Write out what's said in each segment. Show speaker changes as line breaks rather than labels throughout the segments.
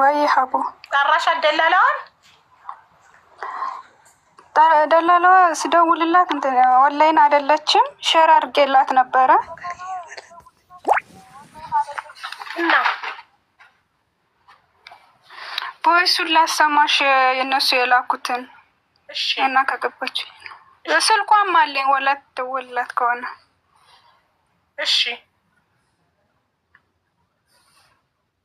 ወይ ሀቡ
ጠራሽ አደላላዋል
ደላላዋ ስደውልላት ኦንላይን አይደለችም። ሼር አድርጌላት ነበረ እና ቦይሱን ላሰማሽ የነሱ የላኩትን እና ከገባች ስልኳም አለኝ ወላት ደውልላት ከሆነ
እሺ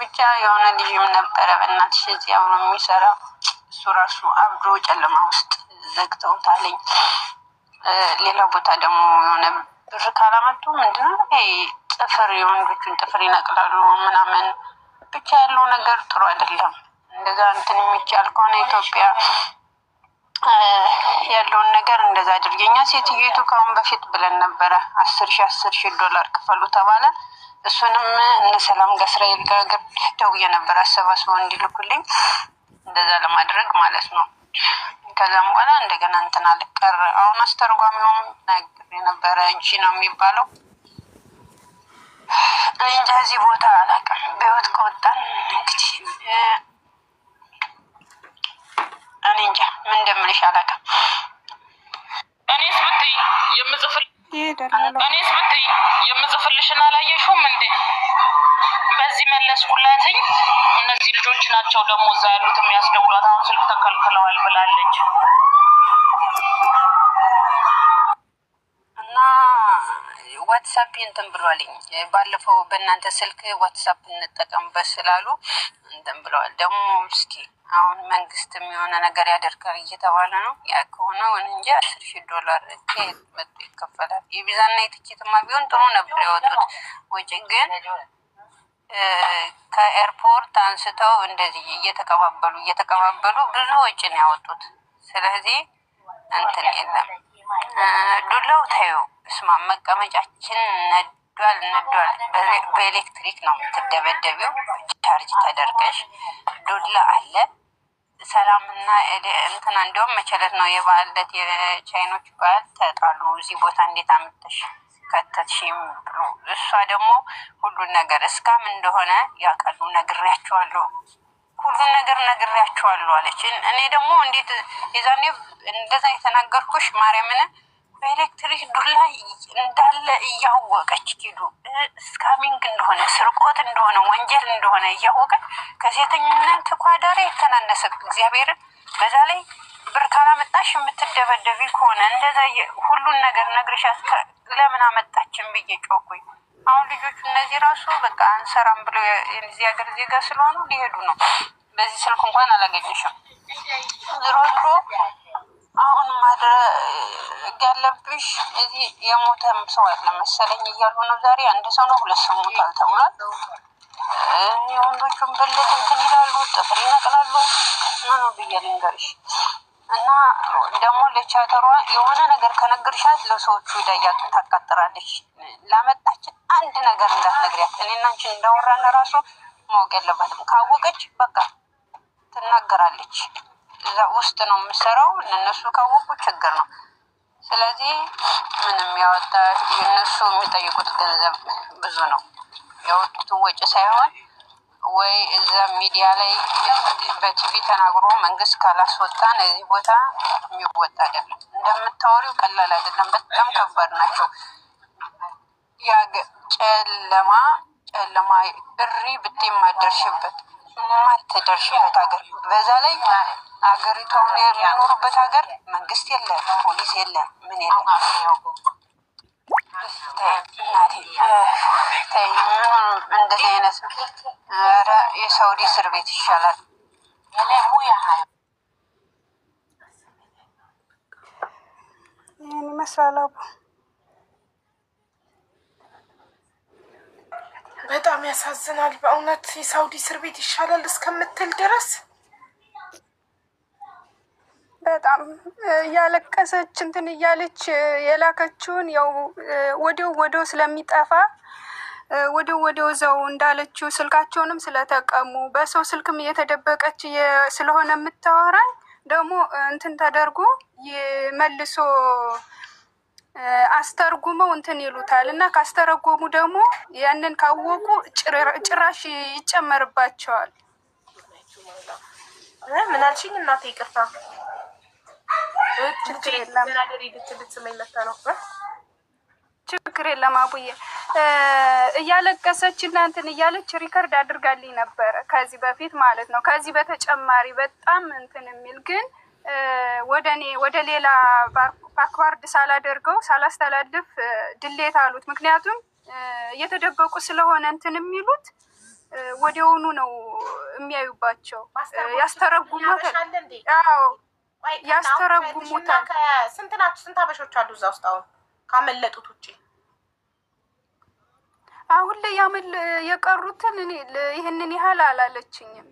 ብቻ የሆነ ልጅም ነበረ በእናትሽ እዚህ አብሮ የሚሰራ እሱ ራሱ አብዶ ጨለማ ውስጥ ዘግተውታለኝ። ሌላ ቦታ ደግሞ የሆነ ብር ካላመጡ ምንድነው ጥፍር የወንዶቹን ጥፍር ይነቅላሉ ምናምን። ብቻ ያለው ነገር ጥሩ አይደለም። እንደዛ እንትን የሚቻል ከሆነ ኢትዮጵያ ያለውን ነገር እንደዛ አድርገኛ። ሴትዮቱ ከአሁን በፊት ብለን ነበረ አስር ሺ አስር ሺ ዶላር ክፈሉ ተባለ። እሱንም እነ ሰላም ከእስራኤል ጋር ደውዬ ነበር አሰባስበው እንዲልኩልኝ እንደዛ ለማድረግ ማለት ነው። ከዛም በኋላ እንደገና እንትና ልቀር አሁን አስተርጓሚውም ነግር የነበረ እጂ ነው የሚባለው እንጃ እዚህ ቦታ አላውቅም። በህይወት ከወጣን እንግዲህ እኔ እንጃ ምን እንደምልሽ አላውቅም። እኔስ ብትይ የምጽፍል እኔስ ብትይ የምጽፍልሽን አላየሽውም እንዴ? በዚህ መለስኩላትኝ። እነዚህ ልጆች ናቸው ደግሞ እዛ ያሉት የሚያስደውሏት። አሁን ስልክ ተከልክለዋል ብላለች። ዋትሳፕ እንትን ብሏልኝ ባለፈው በእናንተ ስልክ ዋትሳፕ እንጠቀምበት ስላሉ እንትን ብለዋል። ደግሞ እስኪ አሁን መንግስትም የሆነ ነገር ያደርጋል እየተባለ ነው። ያ ከሆነ እንጂ አስር ሺህ ዶላር መቶ ይከፈላል። የቪዛና የትኬትማ ቢሆን ጥሩ ነበር ያወጡት ወጪ ግን ከኤርፖርት አንስተው እንደዚህ እየተቀባበሉ እየተቀባበሉ ብዙ ወጪ ነው ያወጡት። ስለዚህ እንትን የለም ዱላው ተዩ እስማ መቀመጫችን ነዷል ነዷል። በኤሌክትሪክ ነው የምትደበደቢው ቻርጅ ተደርገሽ። ዱላ አለ ሰላምና እንትና እንዲሁም መቸለት ነው የበዓል የቻይኖች በዓል ተጣሉ። እዚህ ቦታ እንዴት አምጥተሽ ከተትሽም ብሎ እሷ ደግሞ ሁሉን ነገር እስካም እንደሆነ ያውቃሉ። ነግሬያቸዋለሁ። ሁሉን ነገር ነግሬያቸዋለሁ አለች። እኔ ደግሞ እንዴት የዛኔ እንደዛ የተናገርኩሽ ማርያምን በኤሌክትሪክ ዱላ እንዳለ እያወቀች ኪዱ ስካሚንግ እንደሆነ ስርቆት እንደሆነ ወንጀል እንደሆነ እያወቀች ከሴተኝነት ተቋዳሪ የተናነሰ እግዚአብሔርን በዛ ላይ ብር ካላመጣሽ የምትደበደቢ ከሆነ እንደዛ ሁሉን ነገር ነግርሻት ለምን አመጣችን ብዬ ጮኩኝ። አሁን ልጆቹ እነዚህ ራሱ በቃ አንሰራም ብለው የዚህ ሀገር ዜጋ ስለሆኑ ሊሄዱ ነው። በዚህ ስልክ እንኳን አላገኘሽም። ዝሮ ዝሮ አሁን ማድረ ያለብሽ እዚህ የሞተም ሰው ያለ መሰለኝ እያሉ ነው። ዛሬ አንድ ሰው ነው ሁለት ሰው ሞታል ተብሏል። ወንዶቹን ብልት እንትን ይላሉ፣ ጥፍር ይነቅላሉ። ምኑ ብዬ ልንገርሽ እና ደግሞ ለቻተሯ የሆነ ነገር ከነገርሻት ለሰዎቹ ደያ ታቃጥራለች። ላመጣችን አንድ ነገር እንዳትነግሪያት። እኔ እንዳወራን ራሱ ማወቅ የለባትም። ካወቀች በቃ ትናገራለች። እዛ ውስጥ ነው የምሰራው። እነሱ ካወቁ ችግር ነው። ስለዚህ ምንም ያወጣ የእነሱ የሚጠይቁት ገንዘብ ብዙ ነው። ያወጡትን ወጪ ሳይሆን ወይ እዛ ሚዲያ ላይ በቲቪ ተናግሮ መንግስት ካላስወጣን እዚህ ቦታ የሚወጣ አይደለም። እንደምታወሪው ቀላል አይደለም፣ በጣም ከባድ ናቸው። ጨለማ ጨለማ እሪ ብት የማደርሽበት የማትደርሽበት ሀገር በዛ ላይ ሀገሪቷ የሚኖሩበት ሀገር መንግስት የለም፣ ፖሊስ የለም፣ ምን የለም እንደዚህ አይነት የሳውዲ እስር ቤት ይሻላል።
ይህን ይመስላል። አቡ
በጣም ያሳዝናል በእውነት የሳውዲ እስር ቤት ይሻላል እስከምትል ድረስ
በጣም እያለቀሰች እንትን እያለች የላከችውን ያው ወዲው ወዲው ስለሚጠፋ ወዲው ወዲው ዘው እንዳለችው ስልካቸውንም ስለተቀሙ በሰው ስልክም እየተደበቀች ስለሆነ የምታወራኝ ደግሞ እንትን ተደርጎ መልሶ አስተርጉመው እንትን ይሉታል እና ካስተረጎሙ ደግሞ ያንን ካወቁ ጭራሽ ይጨመርባቸዋል።
ምን አልሽኝ እናቴ? ይቅርታ
ችግር የለም አቡዬ። እያለቀሰች እናንትን እያለች ሪከርድ አድርጋልኝ ነበረ ከዚህ በፊት ማለት ነው። ከዚህ በተጨማሪ በጣም እንትን የሚል ግን ወደ እኔ ወደ ሌላ ባክዋርድ ሳላደርገው ሳላስተላልፍ ድሌት አሉት። ምክንያቱም እየተደበቁ ስለሆነ እንትን የሚሉት ወዲያውኑ ነው የሚያዩባቸው ያስተረጉማል። ያስተረጉሙታል።
ስንት ናቸው? ስንት አበሾች አሉ እዛ ውስጥ? አሁን ካመለጡት ውጭ
አሁን ላይ ያመል የቀሩትን ይህንን ያህል አላለችኝም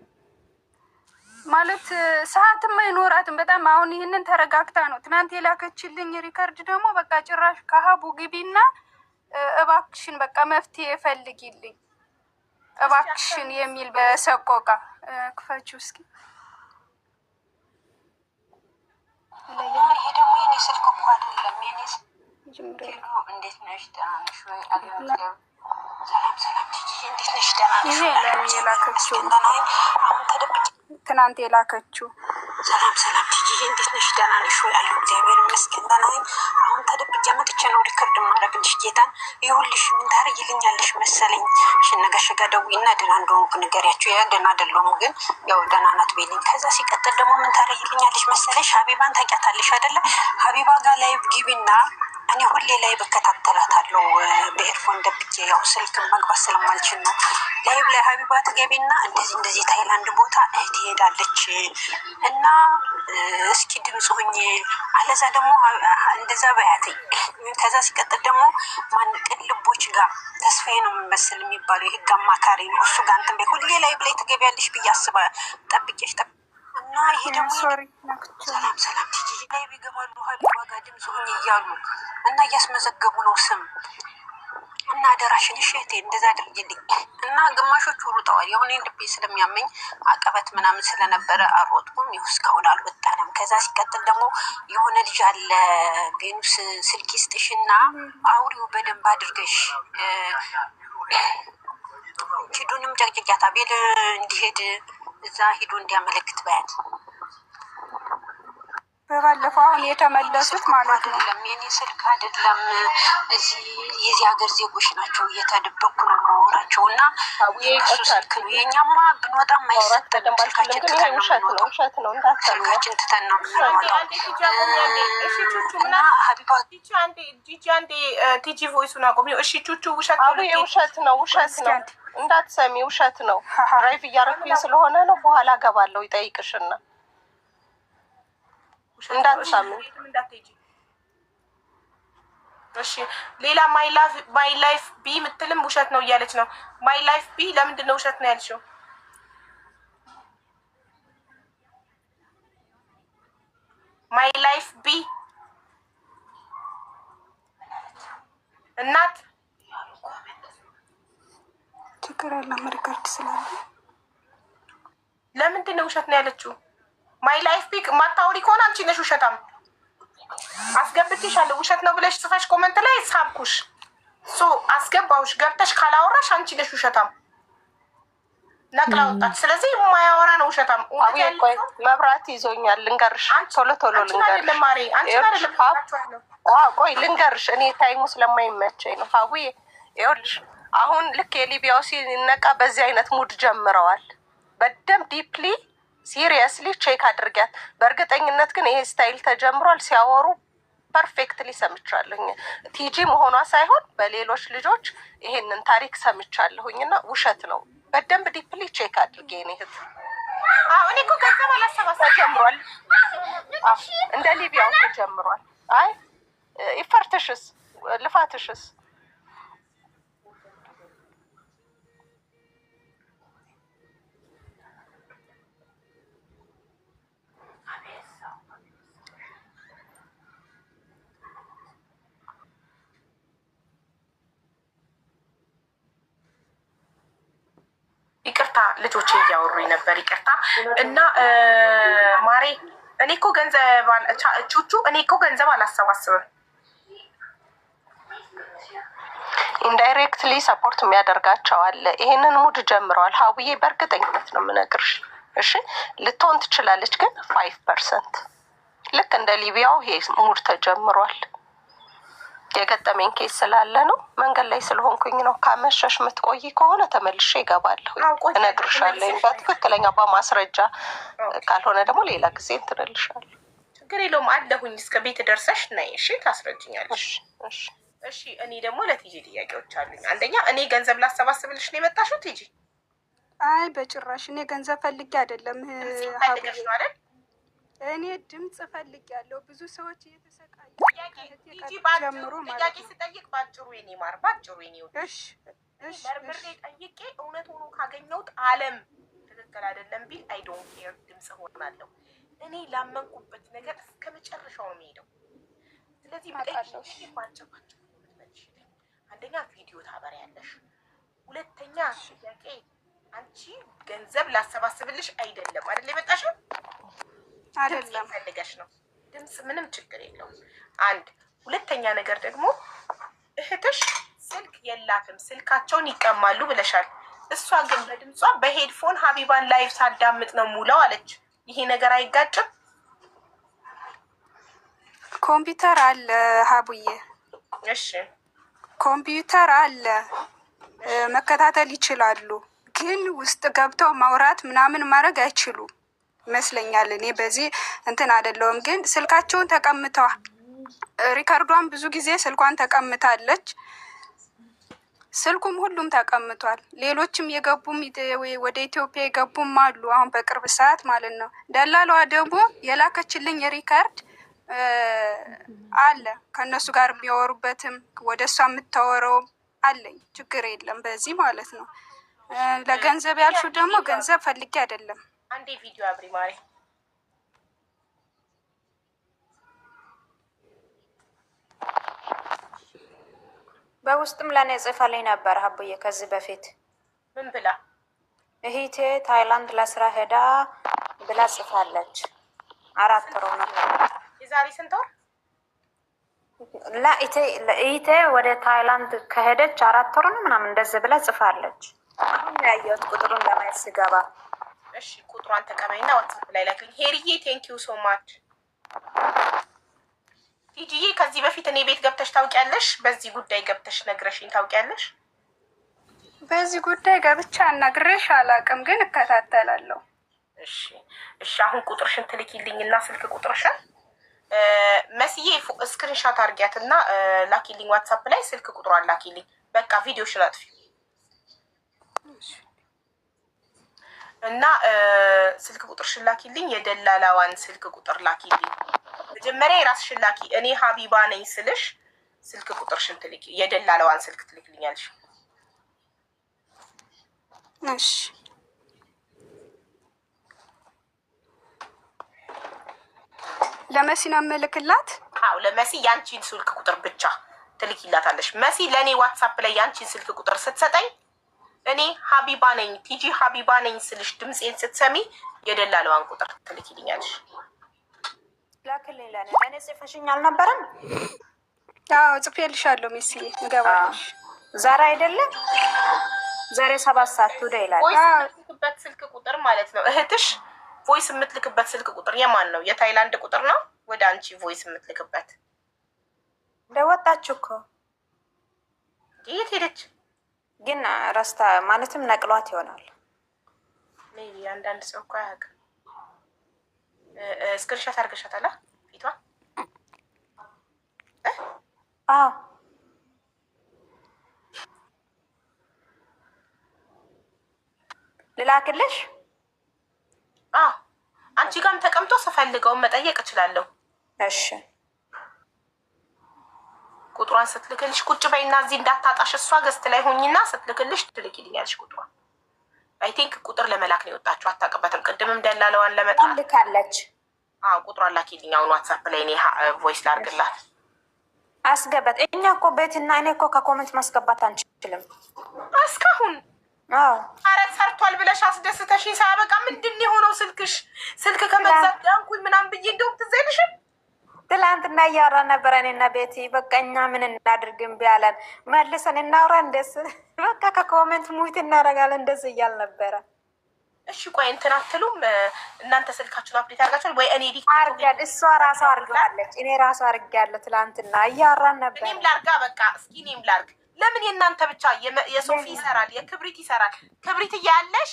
ማለት ሰዓትም አይኖራትም በጣም አሁን ይህንን ተረጋግታ ነው። ትናንት የላከችልኝ ሪከርድ ደግሞ በቃ ጭራሽ ከሀቡ ግቢና እባክሽን በቃ መፍትሄ ፈልጊልኝ እባክሽን የሚል በሰቆቃ ክፈች እስኪ
ይሄ ደግሞ የኔ ስልክ እኮ አይደለም። እንዴት ነሽ? ደህና ነሽ ወይ?
የላከችው ትናንት የላከችው
ሰላም ሰላም። እንዴት ነሽ? ደህና ነሽ ወይ? እግዚአብሔር ይመስገን። አለብኝ መጥቼ ነው ሪከርድ ማድረግልሽ ጌታን ይሁልሽ ምንታር ይልኛለሽ መሰለኝ ሽነጋሽ ጋር ደውይና ደህና እንደሆንኩ ንገሪያቸው። ያ ደህና አይደለሁም ግን ያው ደህና ናት ቤልኝ። ከዛ ሲቀጥል ደግሞ ምንታር ይልኛለሽ መሰለሽ ሀቢባን ታውቂያታለሽ አይደለ? ሀቢባ ጋር ላይ ግቢና እኔ ሁሌ ላይ ብከታተላታለሁ በኤርፎን ደብቄ ያው ስልክ መግባት ስለማልችል ነው። ላይብ ላይ ሀቢባ ትገቢና እንደዚህ እንደዚህ ታይላንድ ቦታ እህት ትሄዳለች እና እስኪ ድምፅ ሁኝ፣ አለዛ ደግሞ እንደዛ በያተኝ። ከዛ ሲቀጥል ደግሞ ማን ቅልቦች ጋር ተስፋዬ ነው የምመስል የሚባለው የህግ አማካሪ ነው። እሱ ጋር እንትን በይ ሁሌ ላይብ ላይ ትገቢያለሽ ብዬ አስባ ጠብቄሽ እና ይሄ ደግሞ ሰላም ሰላም ላይብ ይገባሉ ሀቢባ ድምፅ ሁኝ እያሉ እና እያስመዘገቡ ነው ስም እና አደራሽን እሸቴ እንደዛ አድርጊልኝ እና ግማሾቹ ሩጠዋል። የሆነ ልቤ ስለሚያመኝ አቀበት ምናምን ስለነበረ አልሮጥኩም። ይኸው እስካሁን አልወጣንም። ከዛ ሲቀጥል ደግሞ የሆነ ልጅ አለ ቬኑስ ስልክ እና አውሪው በደንብ አድርገሽ ኪዱንም ጨቅጭቂያት አቤል እንዲሄድ እዛ ሂዱ እንዲያመለክት በያል
በባለፈው አሁን የተመለሱት ማለት ነው።
የኔ ስልክ አይደለም እዚህ የዚህ ሀገር ዜጎች ናቸው። እየተደበኩ ነው ማወራቸው እና ስልክ ብንወጣ ትተን ነው ቲጂ ቮይሱን አቆሚ። እሺ ቹቹ ውሸት
ውሸት ነው፣ ውሸት ነው። እንዳትሰሚ ውሸት ነው። ድራይቭ እያረኩኝ ስለሆነ ነው። በኋላ ገባለው ይጠይቅሽና
እሺ ሌላ ማይ ላይፍ ቢ የምትልም ውሸት ነው እያለች ነው። ማይ ላይፍ ቢ ለምንድን ነው ውሸት ነው ያልሽው? ማይ ላይፍ ቢ እናት
ችግር የለም ሪከርድ ስላለ
ለምንድን ነው ውሸት ነው ያለችው? ማይ ላይፍ ፒክ ማታወሪ ከሆነ አንቺ ነሽ ውሸታም። አስገብቼሻለሁ ውሸት ነው ብለሽ ጽፈሽ ኮመንት ላይ ሳብኩሽ፣ ሶ አስገባውሽ ገብተሽ ካላወራሽ አንቺ ነሽ ውሸታም። ነቅላ ወጣች። ስለዚህ የማያወራ ነው ውሸታም።
መብራት ይዞኛል። ልንገርሽ፣ ቶሎ ቶሎ
ልንገርሽ።
ቆይ ልንገርሽ፣ እኔ ታይሙ ስለማይመቸኝ ነው። ሀዊ ይኸውልሽ፣ አሁን ልክ የሊቢያው ሲነቃ በዚህ አይነት ሙድ ጀምረዋል። በደም ዲፕሊ ሲሪየስሊ ቼክ አድርጊያት። በእርግጠኝነት ግን ይሄ ስታይል ተጀምሯል። ሲያወሩ ፐርፌክትሊ ሰምቻለሁኝ። ቲጂ መሆኗ ሳይሆን በሌሎች ልጆች ይሄንን ታሪክ ሰምቻለሁኝ እና ውሸት ነው። በደንብ ዲፕሊ ቼክ አድርጌ ኔ እህት እኔ እኮ ገንዘብ አላሰባሰ ተጀምሯል፣ እንደ ሊቢያው ተጀምሯል። አይ ይፈርትሽስ ልፋትሽስ
ይቅርታ ልጆቼ እያወሩ ነበር። ይቅርታ እና ማሬ እኔ እኮ ገንዘብ ቹቹ እኔ እኮ ገንዘብ አላሰባስብም። ኢንዳይሬክትሊ ሰፖርት የሚያደርጋቸው አለ። ይሄንን ሙድ ጀምረዋል። ሀውዬ በእርግጠኝነት ነው የምነግርሽ። እሺ ልትሆን ትችላለች፣ ግን ፋይቭ ፐርሰንት ልክ እንደ ሊቢያው ይሄ ሙድ ተጀምሯል። የገጠመኝ ኬስ ስላለ ነው። መንገድ ላይ ስለሆንኩኝ ነው። ካመሸሽ የምትቆይ ከሆነ ተመልሼ ይገባለሁ፣ እነግርሻለሁ። በትክክለኛ በማስረጃ ካልሆነ ደግሞ ሌላ ጊዜ እንትንልሻለሁ። ችግር የለውም አለሁኝ። እስከ ቤት ደርሰሽ ነይ፣ እሺ? ታስረጅኛለሽ። እሺ። እኔ ደግሞ ለትዬ ጥያቄዎች አሉኝ። አንደኛ እኔ ገንዘብ ላሰባስብልሽ ነው የመጣሽው ቲጂ?
አይ በጭራሽ እኔ ገንዘብ ፈልጌ አይደለም።
ፈልገሽ ነው አይደል?
እኔ ድምፅ እፈልጋለሁ። ብዙ ሰዎች እየተሰቃዩ
ጀምሮ ጥያቄ ስጠይቅ ባጭሩ የኔ ማር ባጭሩ የኔ መርምሬ ጠይቄ እውነት ሆኖ ካገኘሁት አለም ትክክል አይደለም ቢል አይ ዶንት ኬር ድምፅ ሆናለሁ። እኔ ላመንኩበት ነገር እስከ መጨረሻው ነው የሚሄደው። ስለዚህ ባጭር ባጭር አንደኛ ቪዲዮ ያለሽ፣ ሁለተኛ ጥያቄ አንቺ ገንዘብ ላሰባስብልሽ አይደለም አይደል የመጣሽው
አይደለም ፈልገሽ
ነው። ድምፅ ምንም ችግር የለውም። አንድ ሁለተኛ ነገር ደግሞ እህትሽ ስልክ የላትም፣ ስልካቸውን ይቀማሉ ብለሻል። እሷ ግን በድምጿ በሄድፎን ሀቢባን ላይፍ ሳዳምጥ ነው ሙለው አለች። ይሄ ነገር አይጋጭም?
ኮምፒውተር አለ ሀቡዬ። እሺ ኮምፒውተር አለ መከታተል ይችላሉ፣ ግን ውስጥ ገብተው ማውራት ምናምን ማድረግ አይችሉም። ይመስለኛል። እኔ በዚህ እንትን አይደለውም፣ ግን ስልካቸውን ተቀምተዋል። ሪካርዷን ብዙ ጊዜ ስልኳን ተቀምታለች። ስልኩም ሁሉም ተቀምጧል። ሌሎችም የገቡም ወደ ኢትዮጵያ የገቡም አሉ። አሁን በቅርብ ሰዓት ማለት ነው። ደላሏ ደግሞ የላከችልኝ ሪካርድ አለ ከእነሱ ጋር የሚያወሩበትም ወደ እሷ የምታወረውም አለኝ። ችግር የለም በዚህ ማለት ነው። ለገንዘብ ያልሹ ደግሞ ገንዘብ ፈልጌ አይደለም
አንዴ ቪዲዮ አብሪ ማሪ በውስጥም ለኔ ጽፋልኝ ነበር ሀቡዬ ከዚህ በፊት ምን ብላ እህቴ ታይላንድ ለስራ ሄዳ ብላ ጽፋለች። አራት ጥሩ ነው። የዛሬ ስንት ወር ለኢቴ ወደ ታይላንድ ከሄደች አራት ወር ነው ምናምን እንደዚህ ብላ ጽፋለች። አሁን ያየሁት ቁጥሩን ለማየት ስገባ እሺ ቁጥሯን ተቀበይና ዋትሳፕ ላይ ላክልኝ። ሄሪዬ ቴንኪዩ ሶ ማች። ቲጂዬ ከዚህ በፊት እኔ ቤት ገብተሽ ታውቂያለሽ? በዚህ ጉዳይ ገብተሽ ነግረሽኝ ታውቂያለሽ?
በዚህ ጉዳይ ገብቻ አናግሬሽ አላውቅም፣ ግን እከታተላለሁ።
እሺ እሺ። አሁን ቁጥርሽን ትልኪልኝና ስልክ ቁጥርሽን መስዬ ስክሪንሻት አድርጊያትና ላኪልኝ። ዋትሳፕ ላይ ስልክ ቁጥሯን ላኪልኝ። በቃ ቪዲዮሽን አጥፊ። እና ስልክ ቁጥር ሽላኪልኝ፣ የደላላዋን ስልክ ቁጥር ላኪልኝ። መጀመሪያ የራስ ሽላኪ፣ እኔ ሀቢባ ነኝ ስልሽ ስልክ ቁጥርሽን ትልኪ፣ የደላላዋን ስልክ ትልክልኛለሽ።
እሺ ለመሲ ነው የምልክላት?
አዎ ለመሲ ያንቺን ስልክ ቁጥር ብቻ ትልኪላታለሽ። መሲ ለእኔ ዋትሳፕ ላይ ያንቺን ስልክ ቁጥር ስትሰጠኝ እኔ ሀቢባ ነኝ ቲጂ ሀቢባ ነኝ ስልሽ ድምፄን ስትሰሚ የደላለዋን ቁጥር ትልኪልኛለሽ። ላክልኝ ለእኔ ጽፈሽኝ አልነበረም?
አዎ ጽፌልሻለሁ። ሚስ እገባለሽ
ዛሬ አይደለም ዛሬ ሰባት ሰዓት ቱደ ይላል። የምትልክበት ስልክ ቁጥር ማለት ነው እህትሽ። ቮይስ የምትልክበት ስልክ ቁጥር የማን ነው? የታይላንድ ቁጥር ነው ወደ አንቺ ቮይስ የምትልክበት። እንደወጣችሁ እኮ የት ሄደች? ግን ረስታ ማለትም ነቅሏት ይሆናል። አንዳንድ ሰው እኮ አያውቅም። እስክሪንሻት አድርገሻታል? ፊቷ?
አዎ ልላክልሽ።
አንቺ ጋም ተቀምጦ ስፈልገውን መጠየቅ እችላለሁ። እሺ ቁጥሯን ስትልክልሽ ቁጭ በይና እዚህ እንዳታጣሽ እሷ ገስት ላይ ሆኝና ስትልክልሽ ትልኪልኛለሽ ቁጥሯን። አይ ቲንክ ቁጥር ለመላክ ነው የወጣችሁ አታውቅበትም። ቅድምም ደላለዋን ለመጣል ልካለች። አዎ ቁጥሯን ላኪልኝ አሁን ዋትሳፕ ላይ እኔ ቮይስ ላርግላት አስገባት። እኛ እኮ ቤትና እኔ እኮ ከኮመንት ማስገባት አንችልም እስካሁን አረት ሰርቷል ብለሽ አስደስተሽ ሳያበቃ ምንድን የሆነው ስልክሽ? ስልክ ከመግዛት ዳንኩኝ ምናምን ብዬ እንደውም ትዘይልሽም
ትላንትና እያወራ ነበር እኔና ቤቲ። በቃ እኛ ምን እናድርግ እምቢ አለን። መልሰን እናውራ እንደስ በቃ ከኮመንት ሙት እናደርጋለን እንደስ እያል ነበረ።
እሺ ቆይ እንትን አትሉም እናንተ ስልካችሁን አፕዴት አርጋችሁ ወይ? እኔ ዲ
አርጋል እሷ ራሷ አርጋለች። እኔ ራሷ አርጋለሁ። ትላንትና እያወራን ነበር።
እኔም ላርጋ በቃ እስኪ እኔም ላርግ። ለምን የእናንተ ብቻ የሶፊ ይሰራል፣ የክብሪት ይሰራል። ክብሪት እያለሽ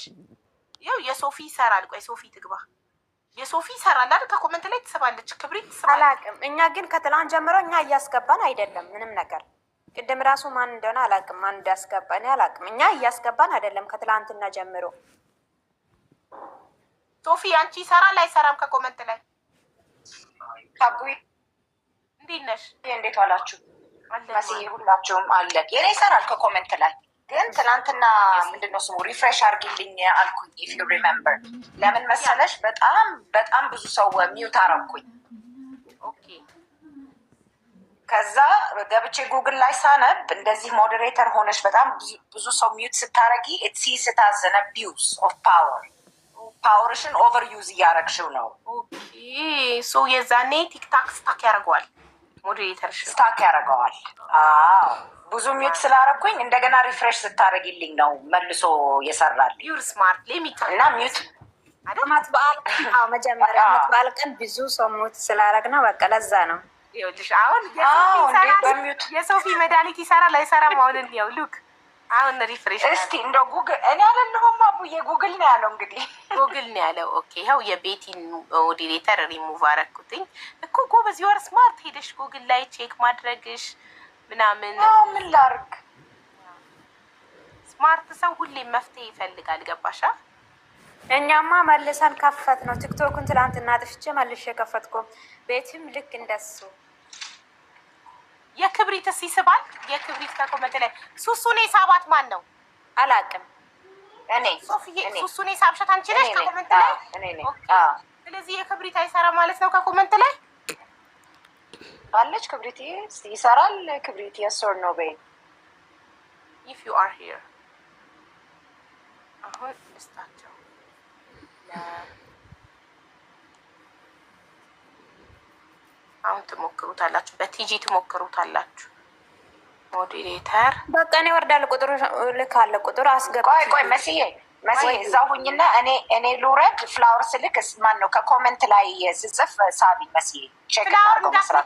ይኸው የሶፊ ይሰራል። ቆይ ሶፊ ትግባ የሶፊ ይሰራላል ከኮመንት ላይ ትስባለች፣ ክብሪ
አላቅም። እኛ ግን ከትላንት ጀምሮ እኛ እያስገባን አይደለም ምንም ነገር። ቅድም ራሱ ማን እንደሆነ አላቅም። ማን እንዳስገባ እኔ አላውቅም። እኛ እያስገባን አይደለም ከትላንትና ጀምሮ።
ሶፊ አንቺ ይሰራል አይሰራም? ከኮመንት ላይ ታቡ እንዴት ነሽ? እንዴት ዋላችሁ? መስዬ ሁላችሁም አለ የኔ ይሰራል ከኮመንት ላይ ግን ትናንትና ምንድነው ስሙ ሪፍሬሽ አርግልኝ አልኩኝ። ኢፍ ዩ ሪሜምበር ለምን mm-hmm. መሰለሽ በጣም በጣም ብዙ ሰው ሚዩት አረኩኝ። ከዛ ገብቼ ጉግል ላይ ሳነብ እንደዚህ ሞዴሬተር ሆነች በጣም ብዙ ሰው ሚዩት ስታረጊ ኢት ሲስ ኢት አዝ አን አቢዩዝ ኦፍ ፓወር ፓወርሽን ኦቨር ዩዝ እያረግሽው ነው። ሶ የዛኔ ቲክታክ ስታክ ያደርገዋል፣ ሞዴሬተርሽ ስታክ ያደርገዋል። አዎ ብዙ ሚዩት ስላረኩኝ እንደገና ሪፍሬሽ ስታደርግልኝ ነው መልሶ የሰራል ዩር ስማርት እና ሚዩት
አመት በዓል መጀመሪያ አመት በዓል ቀን ብዙ ሰው ሙት ስላረግ ነው። በቃ ለዛ ነው።
አሁን የሶፊ መድኃኒት ይሰራ ላይሰራ መሆንን ያው ሉክ አሁን ሪፍሬሽ እስቲ እንደ ጉግል እኔ አለልሁም አቡዬ ጉግል ነው ያለው። እንግዲህ ጉግል ነው ያለው። ኦኬ ይኸው የቤቲን ኦዲሬተር ሪሙቭ አረኩትኝ እኮ ጎበዝ። ዩር ስማርት ሄደሽ ጉግል ላይ ቼክ ማድረግሽ ምናምን ምን ላርግ። ስማርት ሰው ሁሌም መፍትሄ ይፈልጋል። ገባሻ?
እኛማ መልሰን ከፈት ነው። ቲክቶክን ትላንት አጥፍቼ መልሼ ከፈትኩ። ቤትም ልክ እንደሱ
የክብሪትስ ይስባል። የክብሪት ከኮመንት ላይ ሱሱን የሳባት ማን ነው አላውቅም። እኔ ሱሱን የሳብሻት አንቺ ነሽ ከኮመንት ላይ። ስለዚህ የክብሪት አይሰራ ማለት ነው ከኮመንት ላይ
ታለች። ክብሪት ይሰራል። ክብሪት የሶር ነው በይ
ኢፍ ዩ አር ሄር አሁን እስታቸው አሁን ትሞክሩታላችሁ፣ በቲጂ ትሞክሩታላችሁ። ሞዲሬተር
በቃ እኔ ወርዳለሁ። ቁጥሩ ልክ አለ ቁጥሩ አስገባ።
ቆይ ቆይ መስዬ መሲ እዛ ሁኝና እኔ እኔ ልውረድ። ፍላወር ስልክ ማን ነው ከኮመንት ላይ ስጽፍ ሳቢ መሲ ቼክ አድርገው ኮመንት ላይ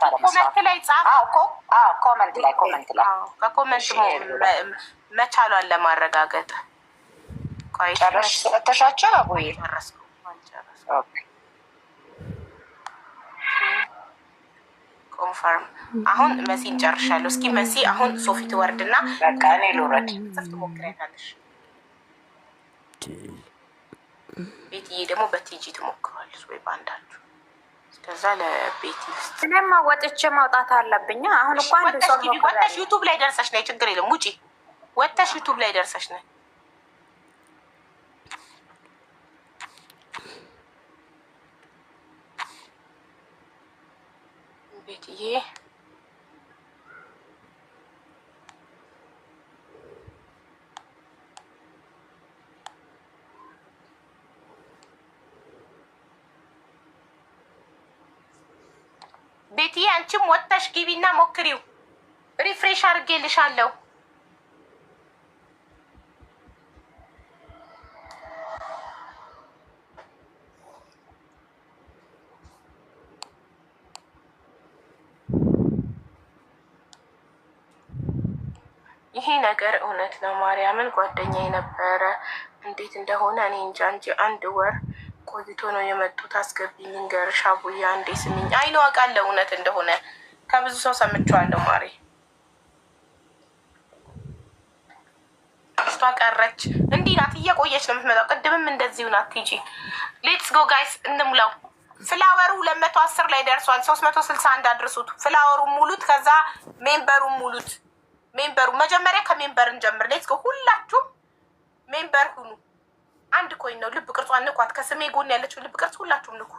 ኮመንት ላይ ከኮመንት መቻሏን ለማረጋገጥ ጨረሽ ስለተሻቸው አቦዬ ኮንፈርም አሁን መሲን ጨርሻለሁ። እስኪ መሲ አሁን ሶፊት ወርድ እና እኔ ልውረድ ሞክሪያታለሽ ውድ ቤትዬ ደግሞ በቲጂ ትሞክሯለች ወይ በአንዳችሁ እስከዛ ለቤት ውስጥ
እኔማ ወጥቼ ማውጣት አለብኝ። አሁን እኮ አንድ ሰው
ወጥተሽ ዩቱብ ላይ ደርሰሽ ነይ፣ ችግር የለም ውጪ ወጥተሽ ዩቱብ ላይ ደርሰሽ ነይ። ቤትዬ ቤትዬ አንቺም ወጥተሽ ግቢና ሞክሪው። ሪፍሬሽ አድርጌልሻለሁ። ይሄ ነገር እውነት ነው። ማርያምን ጓደኛ የነበረ እንዴት እንደሆነ እኔ እንጃ እንጂ አንድ ወር ቆይቶ ነው የመጡት። አስገቢኝ ንገርሽ አቡያ እንዴ ስሚኝ። አይ ነው አውቃለሁ፣ እውነት እንደሆነ ከብዙ ሰው ሰምቼዋለሁ። ማሬ እሷ ቀረች። እንዲህ ናት፣ እየቆየች ነው የምትመጣው። ቅድምም እንደዚሁ ናት። ቲጂ ሌትስ ጎ ጋይስ፣ እንሙላው። ፍላወሩ ሁለት መቶ አስር ላይ ደርሷል። ሶስት መቶ ስልሳ አንድ አድርሱት። ፍላወሩ ሙሉት፣ ከዛ ሜምበሩ ሙሉት። ሜምበሩ መጀመሪያ ከሜምበር እንጀምር። ሌትስ ጎ ሁላችሁም ሜምበር ሁኑ። አንድ ኮይን ነው ልብ ቅርጿን ንኳት። ከስሜ ጎን ያለችው ልብ ቅርጽ ሁላችሁም ንኩ።